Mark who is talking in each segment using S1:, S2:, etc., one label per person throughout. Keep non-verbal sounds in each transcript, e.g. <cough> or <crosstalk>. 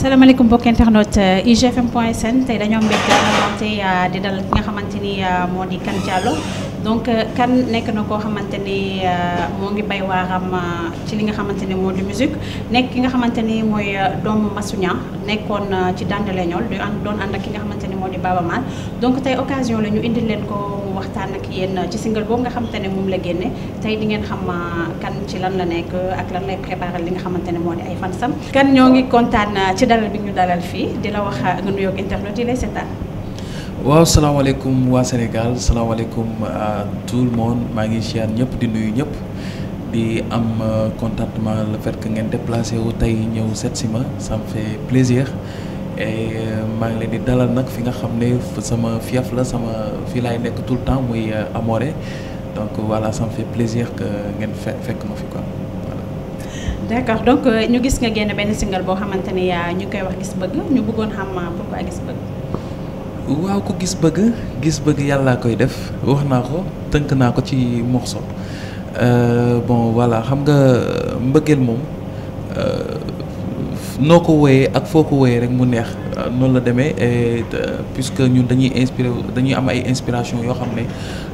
S1: salaamaaleykum mbokki internet euh, IGFM point sn tey dañoo mbégte euh, di dal ki nga xamante ni euh, moo di Diallo donc euh, kan nekk na koo xamante ni euh, moo ngi bay waaram euh, ci li nga xamante ni moo di musique nekk ki nga xamante ni mooy doomu Masouña nekkoon ci Dandeleñol du doon ànd ak nga xamante ni moo di Baba Maal donc tey occasion la ñu indil leen ko mu waxtaan ak yéen ci single boobu nga xamante ne moom la génne tey di ngeen xam kan ci lan la nekk ak lan lay préparer li nga xamante ne moo di ay fansam kan ñoo ngi kontaan ci dalal bi ñu dalal fii di la wax nga nuyoog internet yi lay seetaan
S2: waaw salaamaaleykum waa Sénégal salaamaaleykum à uh, tout le monde maa ngi di nuyu ñëpp di am uh, contentement le fait que ngeen déplacé wu tey ñëw seet si ma ça me fait plaisir et uh, ngi leen di dalal nak fi nga xam sama fiaf la sama fii laay nekk tout le temps muy Amoré donc voilà ça me fait plaisir que ngeen fe fekk ma fi quoi
S1: D'accord, donc nga génn benn single boo xamante ne yaa ñu koy wax gis bëgg ñu bëggoon
S2: waaw ku gis bëgg gis bëgg yàllaa koy def wax naa ko tënk naa ko ci morceau euh, bon voilà xam nga mbëggeel moom euh, noo ko wooyee ak foo ko wooyee rek mu neex euh, noonu la demee puisque ñun dañuy inspiré dañuy am ay inspiration yoo xam ne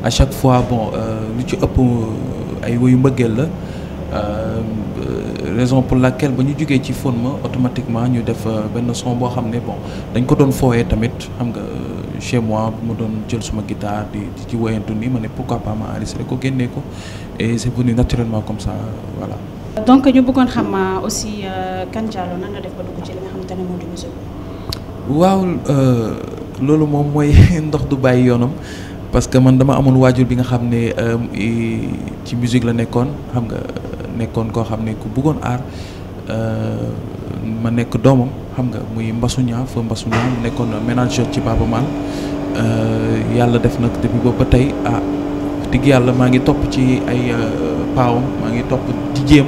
S2: à chaque fois bon lu ci ëpp ay woyu mbëggeel la raison pour laquelle bañu ñu ci phone ma automatiquement ñu def ben son bo xamné bon dañ ko doon fowé tamit xam nga euh, chez moi mu ma doon jël suma guitare di di ci woyantu ni mané pourquoi pas ma enregistré ko génné ko et c'est venu naturellement comme ça voilà.
S1: donc ñu bëggone xam euh, aussi kan jallo nan la def ba dugg ci li nga xamante ne moo di musique.
S2: waaw loolu moom mooy <laughs> ndox du bay yoonam. parce que man dama amoon wajur bi nga xamné ci musique la nekkoon xam nga nekkoon koo xam ne ku bëggoon aar euh, ma nekk doomam xam nga muy Mbasuña fa Mbasuña nekkoon ménageur ci Baaba Maal euh, yàlla def nag depuis boobu ba tey ah digg yàlla maa ngi topp ci ay euh, paawam maa ngi topp di jéem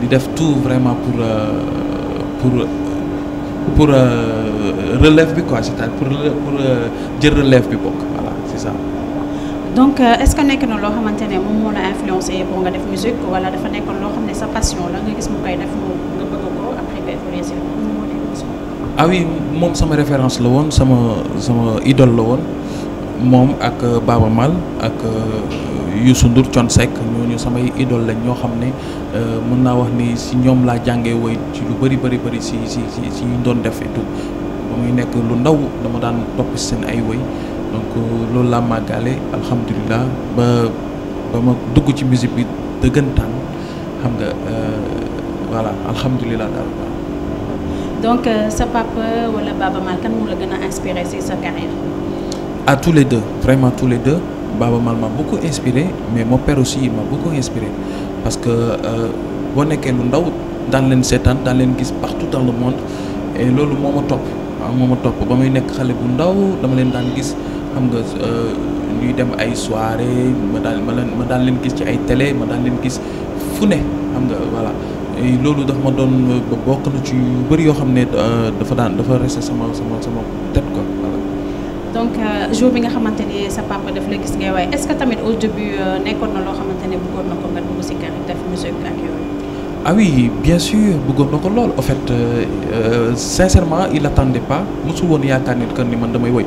S2: di def tout vraiment pour pour pour relève bi quoi pour pour jël relève bi bokk voilà c'est
S1: donc euh, est-ce que nek na lo xamantene mom mo na influencer influencé nga def musique wala dafa nek lo xam sa passion la nga gis mu koy def mu nga bëgg ko après nga influencé
S2: ah oui mom sama référence la won sama sama idole la won mom ak euh, baba mal ak euh, Youssou Ndour Thione sek ñooñu sama idole la ñoo xamné ne mën naa wax ni si ñom la jangé way ci lu bari bari bari si si si ñu doon def et tout ba muy nek lu ndaw dama daan topp sen ay way donc euh, loolu laa màggaale alhamdulilah ba ba ma dugg ci musique bi dëggantaan xam nga euh, voilà alhamdulilah daal waaw.
S1: donc euh, sa papa wala Baaba kan moo la gën a inspiré si sa carrière.
S2: à tous les de vraiment tous les de Baaba ma bu ko inspiré mais mon père aussi m'a ko inspiré parce que boo nekkee lu ndaw daan leen seetaan daal leen gis partout dans le monde et loolu moo ma topp waaw moo topp ba may nekk xale bu ndaw dama leen daan gis. xam nga euh, ñuy dem ay soirée ma daal ma ma daan leen gis ci ay télé ma daan leen gis fu ne xam nga voilà loolu dafa ma doon euh, bokk na ci yu bëri yoo xam ne euh, dafa daan dafa resté sama sama sama tête quoi voilà.
S1: donc jour bi nga xamante ni sa papa daf la gis ngay waaye est-ce que tamit au début nekkoon na loo xamante ne bëggoon na ko nga dugg si kër def musique ak yooyu.
S2: ah oui bien sûr bëggoon na ko lool en fait sincèrement il attendait pas mosul woon yaakaar nit que ni man damay woy.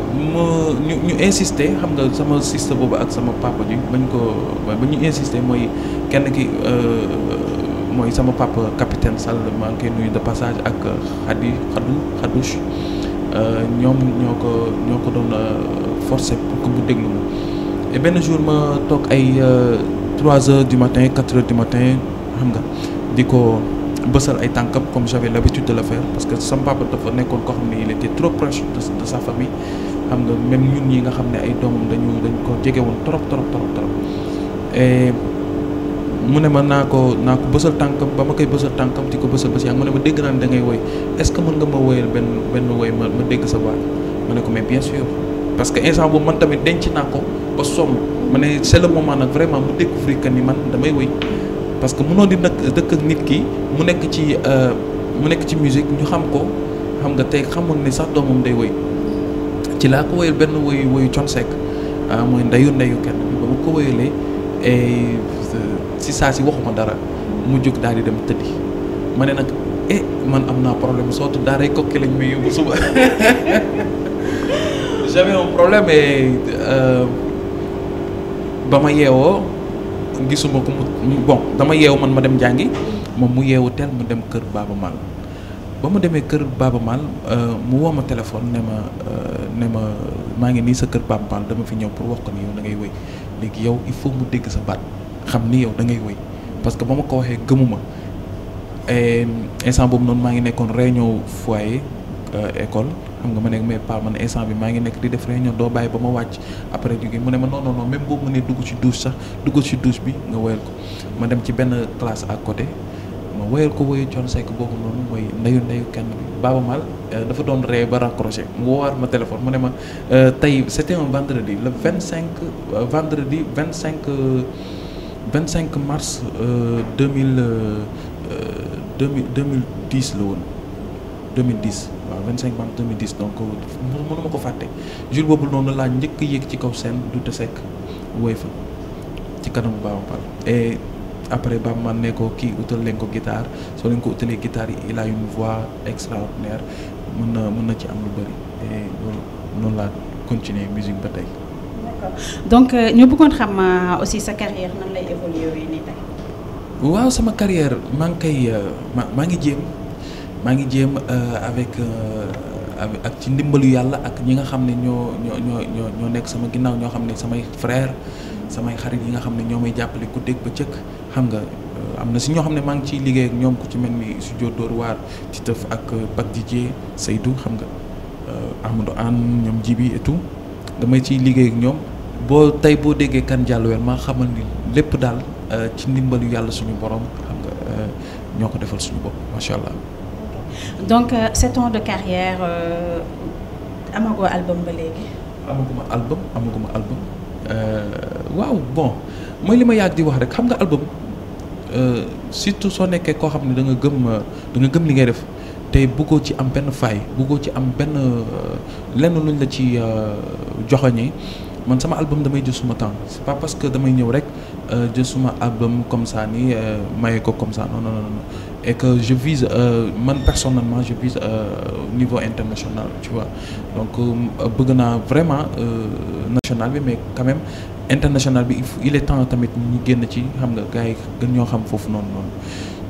S2: ma ñu ñu insister xam nga sama sister boobu ak sama papa ji bañ ko ba ñu insister mooy kenn ki euh, mooy sama papa capitaine Sall maa ngi de passage ak xadi xadu xadush ñoom ñoo ko ñoo ko doon euh, forcer pour que mu déglu ma et benn jour ma toog ay 3 euh, heures du matin 4 heures du matin xam nga di ko bësal ay tànkam comme j'avais l'habitude de le faire parce que sama papa dafa nekkoon koo xam ne il était trop proche de sa famille xam nga même ñun ñi nga xam ne ay doomam dañu dañ ko jege woon trop trop trop trop et mu ne ma naa ko naa ko bësal tànkam ba ma koy bësal tànkam di ko bësal bës yaa mu ne ma dégg naan da ngay woy est ce que mën nga ma woyal benn benn woy ma ma dégg sa baat ma ne ko mais bien sûr parce que instant boobu man tamit denc naa ko ba somm ma ne c' est le moment nag vraiment mu ni man damay woy parce que di nag dëkk ak nit ki mu nekk ci euh, mu nekk ci musique ñu xam ko xam nga tey ne sax doomam day woy ci laa ko woyal benn woyu woyu Thione Seck ah, mooy ndeyu ndeyu kenn bi ba mu ko e, si saa si waxuma dara mu jóg daal di dem tëddi ma e ne eh man am naa problème sootu daaray kokki lañ may yóbbu suba <laughs> j'avais un problème et ah, ba ma yeewoo gisuma ko bon dama man ma dem jàngi moom mu yeewu teel mu dem kër ba mu demee kër Baba Maal euh, mu woo ma téléphone ne ma euh, ne ma maa ngi nii sa kër Baba Maal dama fi ñëw pour wax ko ni yow da ngay woy léegi yow il faut mu dégg sa baat xam ni yow da ngay woy parce que ba ma ko waxee gëmuma instant boobu noonu maa ngi nekkoon réunion foyer euh, école xam nga ma nekk mais pas man instant bi maa ngi nekk di def réunion doo bàyyi ba ma wàcc après jóge mu ne ma non non non même boobu mu ne dugg ci douche sax dugg ci douche bi nga woyal ko ma dem ci benn classe à côté ma woyal ko woyu Thione Seck boobu noonu mooy ndeyu ndeyu kenn bi Baaba Maal euh, dafa doon ree ba raccroché mu woowaat ma téléphone mu ne ma euh, tey c'était un vendredi le vingt cinq euh, vendredi vingt cinq vingt cinq mars deux mille deux mille dix la woon 2010 waaw 25 mars 2010 donc mënuma ko fàtte jour boobu noonu laa njëkk yéeg ci kaw seen du te sekk woy fa ci kanamu Baaba Maal après ba man ne ko kii utal leen ko guitare soo leen ko utalee gitaar yi il a une voix extraordinaire mën na mën na ci am lu bëri et loolu noonu laa continuer musique ba tey.
S1: donc euh, ñu bëggoon xam euh, aussi sa carrière nan lay évoluer nii tey.
S2: waaw sama carrière maa ngi koy euh, maa ngi jéem maa ngi jéem avec ak ci ndimbalu yàlla ak ñi nga xam ne ñoo ñoo ñoo ñoo nekk sama ginnaaw ñoo xam ne samay frère samay xarit yi nga xam ne ñoo may jàppale ku ba bëccëg. xam nga euh, am na si ñoo xam ne maa ngi ciy liggéey ak ñoom ko ci mel ni studio Dóor waar ci tëf ak euh, Pape Didier saytu xam nga euh, Amadou Anne ñoom Jibi et tout ciy liggéey ak ñoom boo tey boo déggee kan jàll weer maa ni lépp daal ci ndimbalu yàlla suñu borom xam nga ñoo ko defal suñu bopp macha allah.
S1: donc euh, sept ans amaguma album
S2: amaguma album. waaw bon mooy li ma yàgg di wax rek xam nga album euh, surtout soo nekkee koo xam ne danga nga gëm euh, da gëm li ngay def te bëggoo ci am benn faay buggoo ci am benn euh, lenn luñ la ci joxoñee man sama album damay jël suma temps c'est pas parce que damay ñëw rek jël suma album comme ça nii maye ko comme ça non non non et que je vise man personnellement je vise au niveau international tu vois donc bëgg naa vraiment national bi mais quand international bi il est temps tamit ñu génn ci xam nga gars yi gën ñoo xam foofu noonu noonu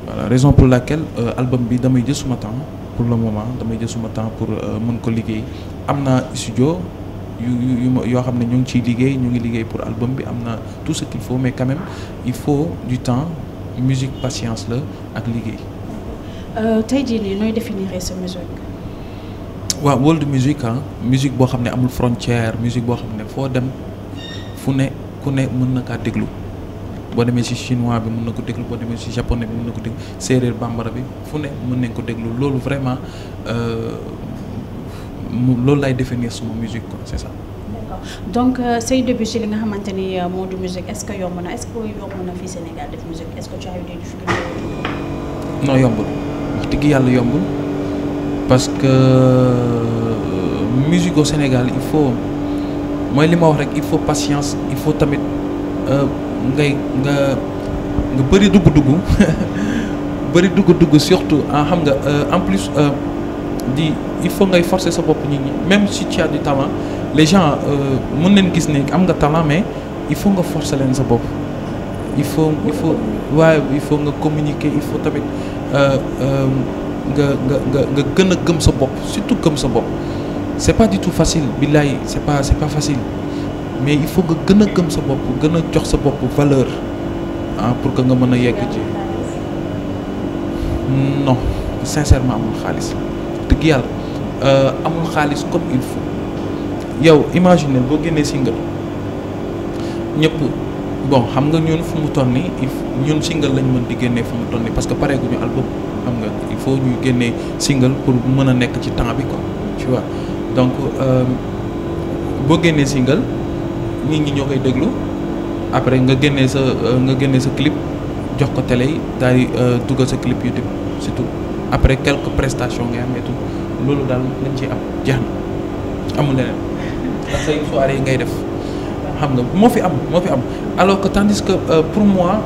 S2: voilà raison pour laquelle euh, album bi damay jël suma temps pour le moment damay jël suma temps pour euh, mën ko liggéey am na studio yu yu yu yoo xam ne ñu ngi ciy liggéey ñu ngi liggéey pour album bi am na tout ce qu'il faut mais quand même il faut du temps musique patience la ak liggéey.
S1: Euh, tey jii nii nooy définir sa musique.
S2: waaw world music ah musique boo xam ne amul frontière musique boo xam ne foo dem fu ne ku ne mën na kaa déglu boo demee ci chinois bi mën na ko déglu boo demee ci japonais bi mën na ko déglu séeréer bambara bi fu ne mën nañ ko déglu loolu vraiment euh, mu loolu lay définir suma musique c'est ça.
S1: d'accord donc euh, say début ci li nga xamante ni euh, moo di musique est-ce que yomb na est-ce que yomb na fii Sénégal def musique est-ce que tu as
S3: eu des difficultés.
S2: non yombul wax dëgg yàlla yombul parce que musique au Sénégal il faut mooy li ma wax rek il faut patience il faut tamit euh, ngay nga nga bëri dugg-dugg <laughs> bëri dugg-dugg surtout en ah, xam nga euh, en plus euh, di il faut ngay forcer sa bopp nit ñi même si tu as du talent les gens mën nañ gis ne am nga talent mais il faut nga forcer leen sa bopp il faut il faut waaye il faut nga communiquer il faut tamit nga nga nga nga gën a gëm sa bopp surtout gëm sa bopp c'est pas du tout facile billahi c'est pas c'est pas facile mais il faut que gëna gëm sa bop gën a jox sa bop valeur hein pour que nga mëna a yegg ci non sincèrement amul xaalis dëgg euh amul xaalis comme il faut yow imagine bo génnee single ñëpp bon xam nga ñun fu mu toll ñun single lañ mën di gënné fu mu toll parce que guñu album xam nga il faut ñu gënné single pour mëna nekk ci temps bi quoi tu vois. donc euh, boo génnee single nit ñi ñoo koy déglu après nga génnee sa euh, nga génnee sa clip jox ko télé yi di euh, sa clip YouTube situ, après quelques prestations ngay am et tout loolu daal lañ ciy am jeex amul leneen say soirée ngay def xam nga fi am moo fi am alors que tandis que pour moi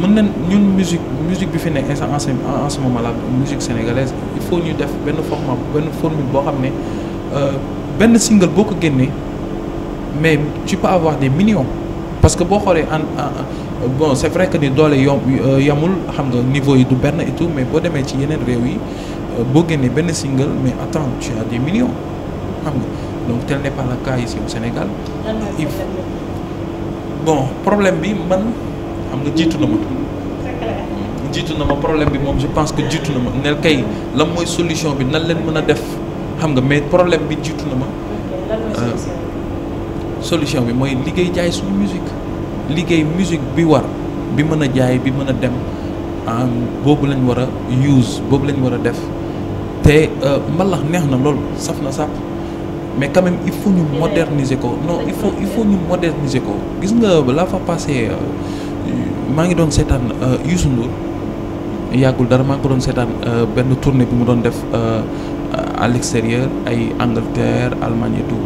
S2: mën nañ ñun musique musique bi fi ne en ce en ce moment là musique sénégalaise il faut ñu def benn format benn formule boo xam ne ben single boko ko mais tu peux avoir des millions parce que boo xoolee en bon c'est vrai que ni doole yom euh, yamul xam nga niveau yi du ben et tout mais bo démé ci yenen réew yi euh, bo génnee ben single mais attends tu as des millions donc tel n'est pas le cas ici au Sénégal. bon problème bi man xam nga jiitu na ma. jiitu na ma problème bi moom je pense que jiitu na ma nel kay la mooy solution bi nan pas mën def. xam nga mais problème bi jiitu na ma. Euh, solution bi mooy liggéey jaay suñu musique liggéey musique bi war bi mën a jaay bi mën a dem boobu lañ war a use boobu lañ war a def te euh, mbalax neex na lool saf na sàpp mais quand il faut ñu moderniser ko non il faut il faut ñu moderniser ko gis nga laa fa passé euh, maa ngi doon seetaan Youssou Ndour yàggul dara maa ngi ko doon seetaan benn tournée bi mu doon def à l'extérieur ay Angleterre Allemagne et tout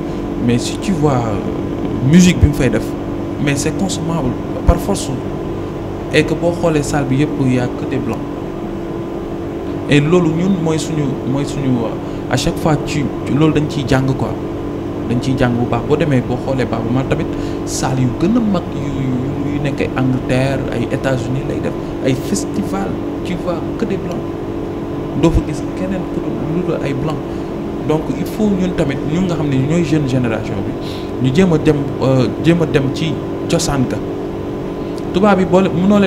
S2: mais si tu vois euh, musique bi mu fay def mais c'est consommable par force et que boo les salle bi yëpp y a que des blancs et loolu ñun moi suñu mooy suñu euh, à chaque fois tu, lolo dañ ciy jàng quoi dañ ciy jàng bu baax boo demee boo xoolee baax mais tamit salle yu gën a mag yu nekk ay Angleterre ay États-Unis lay def ay festival tu vois que des blancs fa gis blanc donc il faut ñun tamit ñu nga jeune génération bi ñu jéem a dem euh, jéem a dem ci cosaan tubaab bi mënoo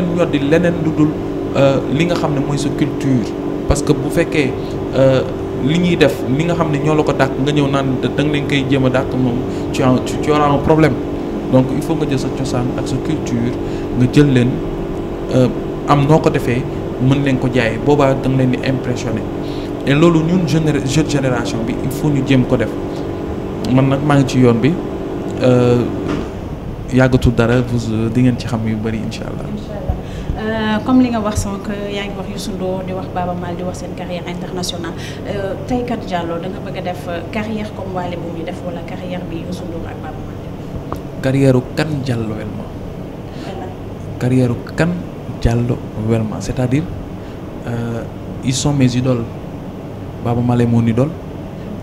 S2: euh, li nga culture parce que bu fekkee euh, li ñuy def nga ne ko dàq nga tu un problème donc il faut nga jël sa cosaan ak sa culture nga jël am mën leen ko jaay boobaa da leen di impressionné et loolu ñun jeune génération bi il faut ñu jéem ko def man nag maa ngi ci yoon bi euh, yàggatul dara vous euh, di ngeen ci xam yu bëri incha allah.
S1: Euh, comme li nga wax sànq yaa ngi wax Youssou Ndour di wax Baaba Maal di wax seen carrière internationale tey kat Diallo bëgg def carrière comme Wally bu muy def wala carrière bi Youssou Ndour ak Baaba Maal.
S2: carrière kan Diallo el ma. carrière kan. Diallo vraiment c'est-à-dire euh, ils sont mes idoles Baba Mal est mon idole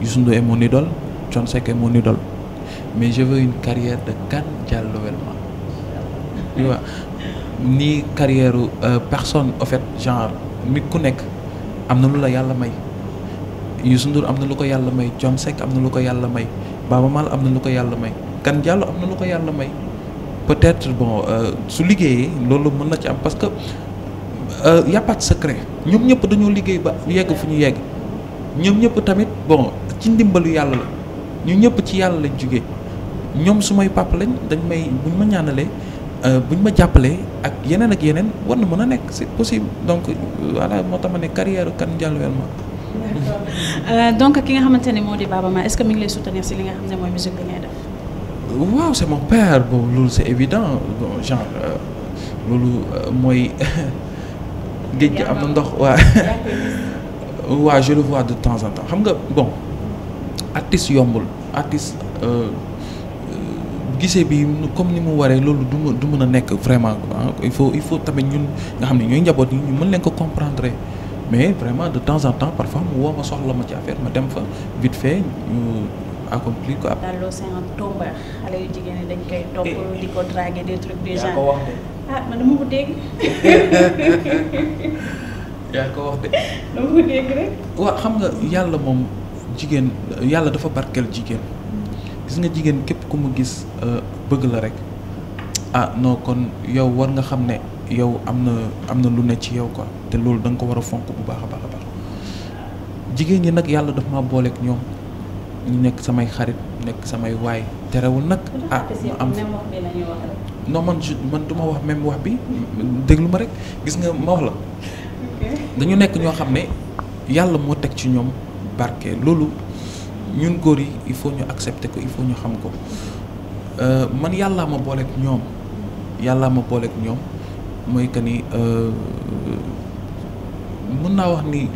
S2: Youssou Ndour est mon idole John Seck est mon idole mais je veux une carrière de Kane Diallo vraiment. tu ni carrière euh, personne en fait genre ni ku nekk am lu la yalla may Youssou Ndour lu ko yalla may Thione Seck lu ko yalla may Baba Mal ko yalla may Kan ko yalla may peut-être bon euh, su liggéeyee loolu mën na ci am parce que euh, y a secret ñoom ñëpp dañoo liggéey ba yegg fu ñu yegg ñoom ñëpp tamit bon ci ndimbalu yàlla la ñu ñëpp ci yàlla lañ jógee ñoom su may papa lañ dañ may bu ñu ma ñaanalee euh, ñu ma jàppalee ak yeneen ak yeneen war na mën a nekk c'est possible donc voilà moo tax ma ne carrière kan Diallo Wélma.
S1: d'accord donc ki nga xamante ne moo di Baba Ma est-ce ngi lay soutenir si li nga xam ne mooy musique bi ngay def.
S2: waaw c'est mon père bon loolu c'est évident bon genre euh, loolu euh, moi, géej gi am na ndox waa waa je le vois de temps en temps xam nga bon artiste yombul artiste euh, gisee bi comme ni mu waree loolu du du mën a vraiment hein. il faut il faut tamit ñun nga xam ne ñooy njaboot yi ñu mën leen ko comprendre mais vraiment de temps en temps parfois wa, woo ma la ma ci affaire ma dem fa vite fait ñu accompli quoi.
S1: Lalo c'est un tombeur xale yu eh. ko draguer des trucs des ah, <laughs>
S2: yaa ko wax de.
S3: dama ko dégg rek.
S2: waaw xam nga yàlla moom jigéen yàlla dafa barkeel jigéen gis nga jigéen képp ku mu gis euh, bëgg la rek ah noo kon yow war nga xam ne yow am na am na lu ne ci yow quoi te loolu danga ko war a fonk bu baax a baax a baax jigéen ñi nag yàlla dafa ma booleek ñoom. ñu nekk samay xarit nekk samay waay terewul nag. ah ma am non man man du ma wax même wax bi déglu ma rek gis nga ma wax la. dañu nekk ñoo xam ne yàlla moo teg ci ñoom barke loolu ñun góor yi il faut ñu accepter ko il faut ñu xam ko euh, man yàlla ma booleek ñoom yàlla ma booleek ñoom mooy que ni euh, mën naa wax ni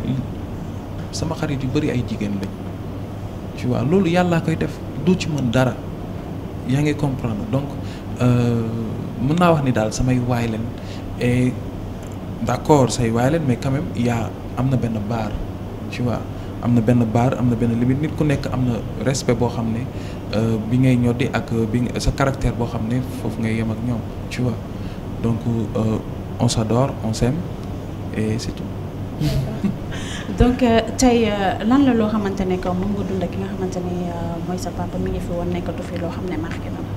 S2: sama xarit yu bari ay jigéen lañ. tu vois loolu yàllaa koy def du ci mën dara yaa ngi comprendre donc euh, mën naa wax ni daal samay waay leen et d'accord say waay leen mais quand yaa am na benn baar tu vois am na benn baar am na benn limite nit ku nekk am na respect boo xam ne euh, bi ngay ñoddi ak euh, bi sa caractère boo xam ne foofu ngay yem ak ñoom tu vois donc euh, sa door on s'aime et c'est tout.
S1: <laughs> donc tey euh, lan la loo xamante ne que moom nga dund ak ki nga xamante ne euh, mooy sa papa mi ngi fi woon nekkatu fi loo xam ne marqué na la.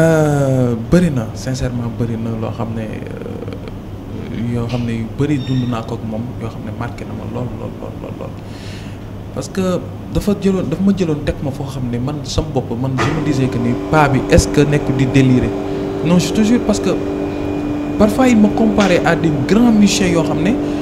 S2: Euh, bëri na sincèrement bëri na loo xam ne yoo xam ne yu bëri dund naa ko moom yoo xam ne marqué na ma lool lool lool lool parce que dafa jëloon dafa ma jëloon teg ma foo xam ne man sama bopp man je me disais que paa bi est-ce que nekk di délirer non je toujours parce que parfois il me comparait à des grands yoo xam ne.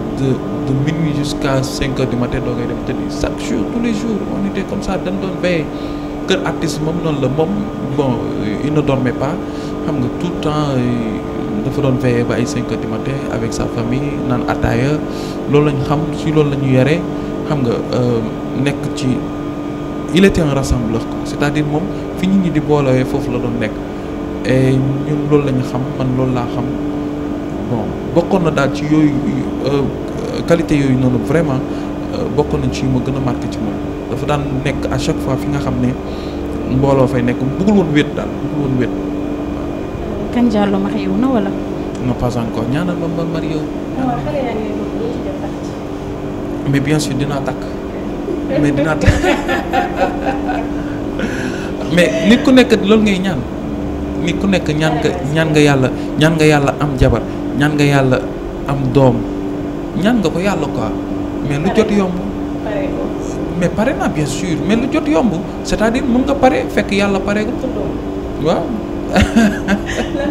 S2: de de minuit jusqu'à cinq heures du matin doo ngay dem tëddi chaque jour tous les jours on était comme ça dañ doon veille kër artiste moom noonu la moom bon euh, il ne dormait pas xam nga tout le temps euh, dafa doon veillé ba ay cinq heures du matin avec sa famille naan ataaya loolu lañ xam si loolu la ñu yare xam nga euh, nekk ci il était un rassembleur quoi c'est-à-dire moom fi ñu ñi di boolewee foofu la doon nekk et ñun loolu la ñu xam man loolu laa xam bokkoon na daal ci yooyu qualité yooyu noonu vraiment euh, bokk nañ ci ma gën a marqué ci moom dafa daan nekk à chaque fois fi nga xam ne mbooloo fay nekk bëggul woon wéet daal woon
S1: kan Diallo marié wu na wala
S2: non pas encore ñaanal ma ma marié wu mais bien sûr dinaa takk mais dinaa takk <laughs> mais nit ku nekk loolu ngay ñaan nit ku nekk ñaan nga ñaan nga yàlla ñaan nga yàlla am jabar ñaan nga yàlla am doom ñaan nga ko yàlla ko mais lu jot yomb mais pare na bien sûr mais lu jot yomb c'est-à-dire mun nga pare fekk yàlla pareegul waaw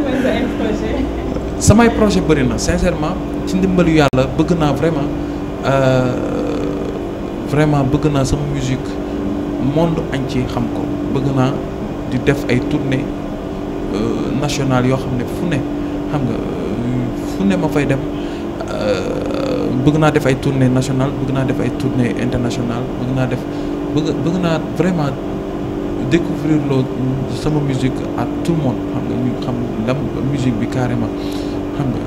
S1: <laughs>
S2: samay projet bëri na sincèrement ci ndimbalu yàlla bëgg naa vraiment euh, vraiment bëgg naa sama musique monde entier xam ko bëgg naa di def ay tournée euh, nationale yoo xam ne fu ne xam nga euh, fu ne ma fay dem bëgg naa def ay tournée nationale bëgg naa def ay tournée internationale bëgg naa def bëgg naa vraiment découvrir loo sama musique à tout le xam nga xam ndam musique bi carrément xam nga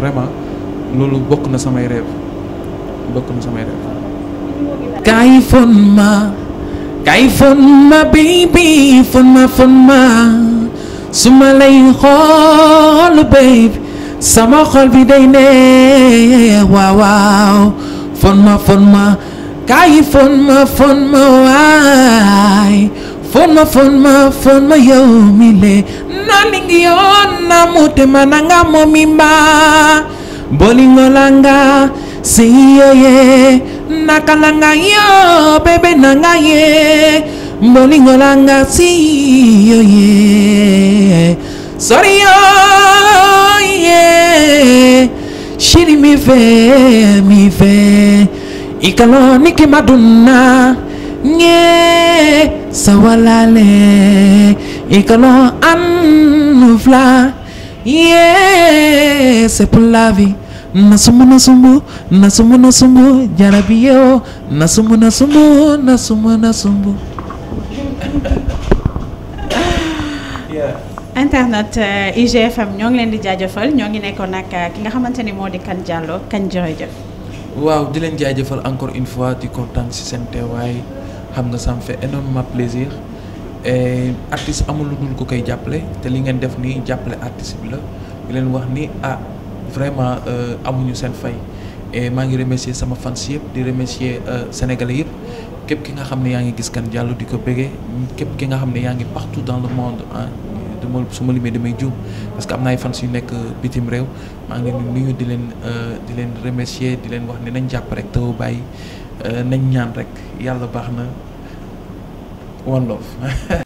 S2: vraiment loolu bokk na samay rêve bokk na samay rêve
S3: kaay ma kaay fon ma ma fon ma su ma lay xool baby sama xol bi day ne waaw waaw fon ma fon ma kaay fon ma fon ma waay fon ma fon ma fon ma yow mi le naningi yo na motema nanga momimba bolingo langa seiyo ye nakalanga yo bebe nanga ye bolingo langa seiyo ye sori yo yeye shiri mi ve mi ve ikalo niki maduna nye sawalale ikalo anuvla ye sepulavi nasumu nasumu nasumu nasumu jarabiyeo nasumu nasumu nasumu nasumu
S1: internet eh, IGFM ñoo ngi leen di jaajëfal ñoo ngi nekkoon nag eh, ki nga xamante ni moo di Kane Diallo Kane jërëjëf.
S2: waaw di leen jaajëfal encore une fois di kontaan si seen teewaay xam nga ça me fait énormément plaisir et eh, artiste amul lu dul ko koy jàppale te li ngeen def nii jàppale artiste bi la di leen wax ni ah vraiment amuñu seen fay et maa ngi remercier sama fans yëpp di remercier sénégalais yëpp. képp ki nga xam ne yaa ngi gis kan Diallo di ko bëggee képp ki nga xam ne yaa ngi partout dans le monde ah dama su ma limee damay juum parce que am na ay fans yu nekk bitim réew maa ngi nuyu di leen euh, di leen remercier di leen wax ne nañ jàpp rek taw bàyyi euh, nañ ñaan rek yàlla baax na one <laughs>